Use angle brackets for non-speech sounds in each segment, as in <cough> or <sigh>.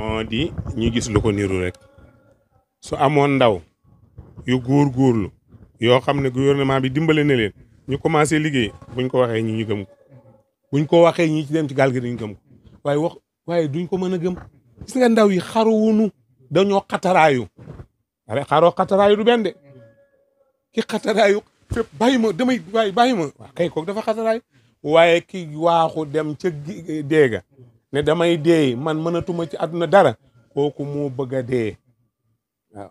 moo di ñu gis lu ko niru rek su amoon ndaw yu góor-góorlu yoo xam ne gouvernement bi dimbale na leen ñu commencé liggéey buñ ko waxee ñi ñu gëm ko buñ ko waxee ñi ci dem ci gaal gi dañu gëm ko waaye wax waaye duñ ko mën a gëm gis nga ndaw yi xaruwunu dañoo xataraayu are xaroo xataraayu du benn de ki xataraayu fépp bàyyi ma damay waaye bàyyi ma waaw kay kook dafa xataraayu waaye ki waaxu dem ca déega ne damay dee man mënatuma ci àdduna dara kooku moo bëgg a dee waaw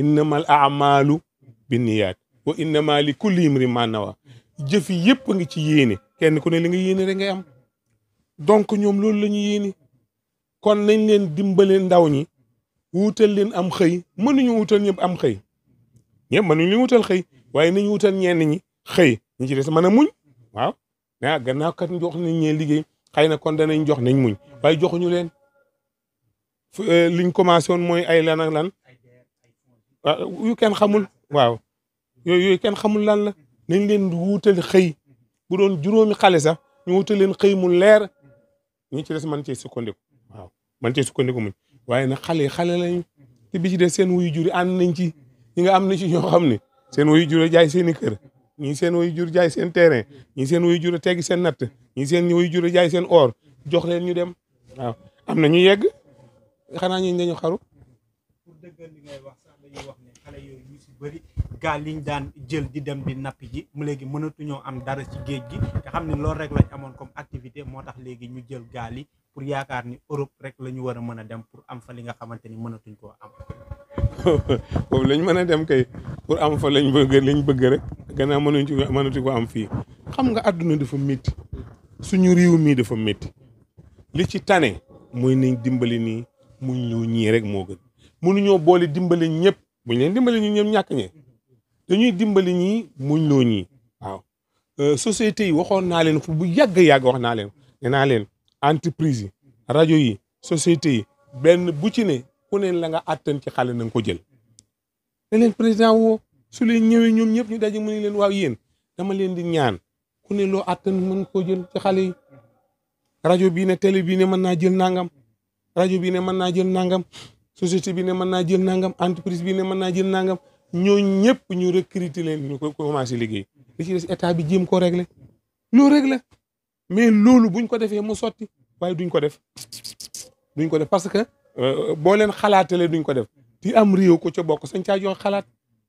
innamal amalu binniyaat wa innama li kulli imri ma nawa jëf yëpp a ngi ci yéene kenn ku ne li nga yéene ngay am donc ñoom loolu la ñu kon nañ leen dimbale ndaw ñi wuutal leen am xëy mënuñu wuutal ñëpp am xëy ñëpp mënuñu leen wuutal xëy waaye nañ wuutal ñenn ñi xëy ñi ci des mën a muñ waaw ah gannaaw kat wax nañ ñee liggéey xëy na kon danañ jox nañ muñ waaye joxuñu leen euh, liñ commencé woon mooy ay lan ak lan ah, yu kenn xamul waaw yooyu yooyu kenn xamul lan la nañ leen wuutal xëy bu doon juróomi xale sax ñu wuutal leen xëy mu leer ñu ci des man cee sukkandiku waaw man cee sukkandiku muñ waaye nag xale xale lañ te bi ci des seen wuyu juri ànd nañ ci ñi nga am na ci ñoo xam ne seen wuyu juri jaay seen i kër ñii seen way jur jaay seen terrain ñii seen way jur a teggi seen natt ñii seen way jur jaay seen oor jox leen ñu dem waaw am na ñu yegg xanaa ñu dañu xaru. pour dëggal wax sax dañuy wax ne xale yooyu bëri gaal liñ daan jël di dem di nappi ji mu léegi mënatuñoo am dara ci géej gi te xam ne loolu rek lañ amoon comme activité moo tax léegi ñu jël gaal yi pour yaakaar ni Europe rek la ñu war a mën a dem pour am fa li nga xamante ni mënatuñ ko am. <laughs> foofu lañ mën a dem kay pour am fa lañ bëgg liñ bëgg rek. gannaaw mënuñu ci mënatu ko am fii xam nga àdduna dafa métti suñu réew mii dafa métti li ci tane muy nañ dimbali nii mu ñu ñii rek moo gën mënuñoo boole dimbali ñëpp buñ leen dimbali ñu ñëpp ñàkk ñe dañuy dimbali ñii muñ loo ñii waaw euh, société yi waxoon naa leen fu bu yàgg-yàgg wax naa leen nee naa leen entreprise yi rajo yi société yi benn bu ci ne ku ne la nga àttan ci xale na nga ko jël président woo su leen ñëwee ñoom ñëpp ñu daje mu ne leen waaw yéen dama leen di ñaan ku ne loo àttan mën koo jël ci xale yi rajo bii ne télé bii ne mën naa jël nangam rajo bii ne mën naa jël nangam société bi ne mën naa jël nangam entreprise bi ne mën naa jël nangam ñoo ñëpp ñu recruter leen ñu ko commencé liggéey li ci bi jéem koo régler loo régler mais loolu buñ ko defee mu sotti waaye duñ ko def duñ ko def parce que euh, boo leen xalaatalee duñ ko def di am réew ko ca bokk sañ caa jox xalaat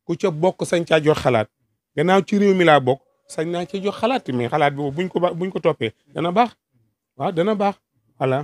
ku ca bokk sañ caa xalaat gannaaw ci réew mi laa bokk sañ naa ci jox xalaat mais xalaat boobu buñ ko buñ ko toppee dana baax waaw dana baax voilà